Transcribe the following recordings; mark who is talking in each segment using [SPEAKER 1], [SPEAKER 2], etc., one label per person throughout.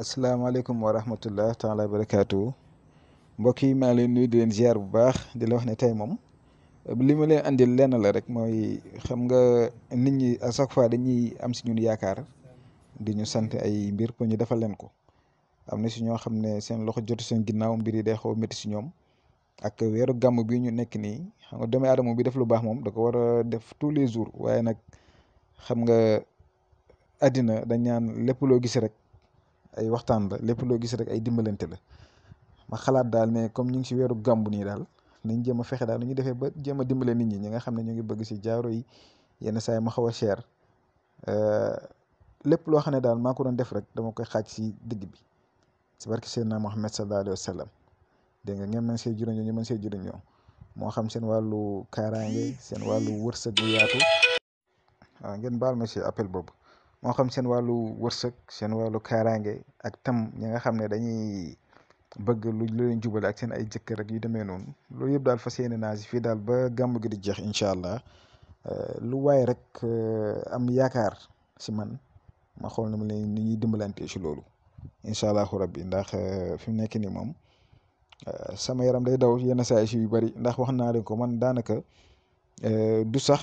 [SPEAKER 1] asalaamaaleykum wa rahmatullah taala wa barakaatu mbokk yi maa leen nu di leen ziar bu baax di la wax ne tey moom li ma leen andil lenn la rek mooy xam nga nit ñi à chaque fois dañuy am si ñun yaakaar di ñu sant ay mbir pour ñu defal leen ko am na si ñoo xam ne seen loxo jotu seen ginnaaw mbir yi day xaw a si ñoom ak weeru gàmm bi ñu nekk nii xam nga doomu aadama bi def lu baax moom da ko war a def tous les jours waaye nag xam nga àddina dañ ñaan lépp loo gis rek. ay waxtaan la lépp loo gis rek ay dimbalante la ma xalaat daal ne comme ñu ngi si weeru gàmbu nii daal nañ jéem a fexe daal nu ñu defee ba jéem a dimbale nit ñi ñi nga xam ne ñu ngi bëgg si jaaro yi yenn saa ma xaw a cher eh, lépp loo xam ne daal maa ko doon def rek dama koy xaaj si digg bi si barke Seydina Muhammad sallallahu alayhi wa sallam dégg nga ngeen mën see juróñoo ñu mën see juróñoo moo xam seen wàllu kaaraange seen wàllu wërsëg bu yaatu waaw ah, ngeen baal ma si appel boobu moo xam seen wàllu wërsëg seen wàllu kaaraange ak tam ñi nga xam ne dañuy bëgg lu leen jubale ak seen ay jëkkër rek yu demee noonu loolu yëpp daal fa yéene naa si fii daal ba gàmm gi di jeex incha allah eh, lu waaye rek eh, am yaakaar si man ma xool ne ma ne ni ñuy dimbalante si loolu incha allahu rabbi ndax eh, fi mu nekk nii moom sama yaram day daw yenn saa yu bari ndax wax naa leen ko man daanaka du sax.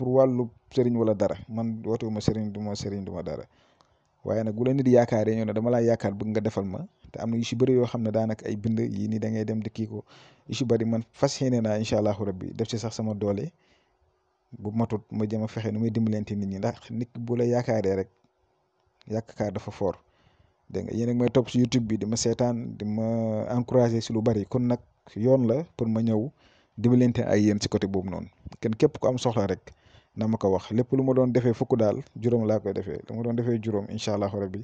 [SPEAKER 1] pour wàllu sëriñ wala dara man wootewuma sëriñ du ma sëriñ du ma dara waaye nag bu la nit yaakaaree ñëw ne dama laa yaakaar bëgg nga defal ma te am na yu si bëri yoo xam ne daanaka ay bind yii nii da dem di kii ko yu si bëri man fas yéene naa incha allahu rabbi def ci sax sama doole bu matut ma jëm a fexe nu may dimbalante nit ñi ndax nit bu la yaakaaree rek yaakaar dafa foor dégg nga yéen a ngi may topp si YouTube bi di ma seetaan di ma encourager si lu bari kon nag yoon la pour ma ñëw dimbalante ay yéen si côté boobu noonu kenn képp ku am soxla rek na ma ko wax lépp lu ma doon defee fokk daal juróom laa koy defee lu ma doon defee juróom incha allahu rabbi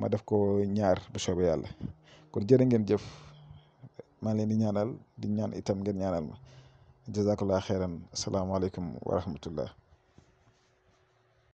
[SPEAKER 1] ma def ko ñaar bu soobee yàlla kon jërë ngeen jëf maa leen di ñaanal di ñaan itam ngeen ñaanal ma jazakallah xeyran asalaamaaleykum wa rahmatullah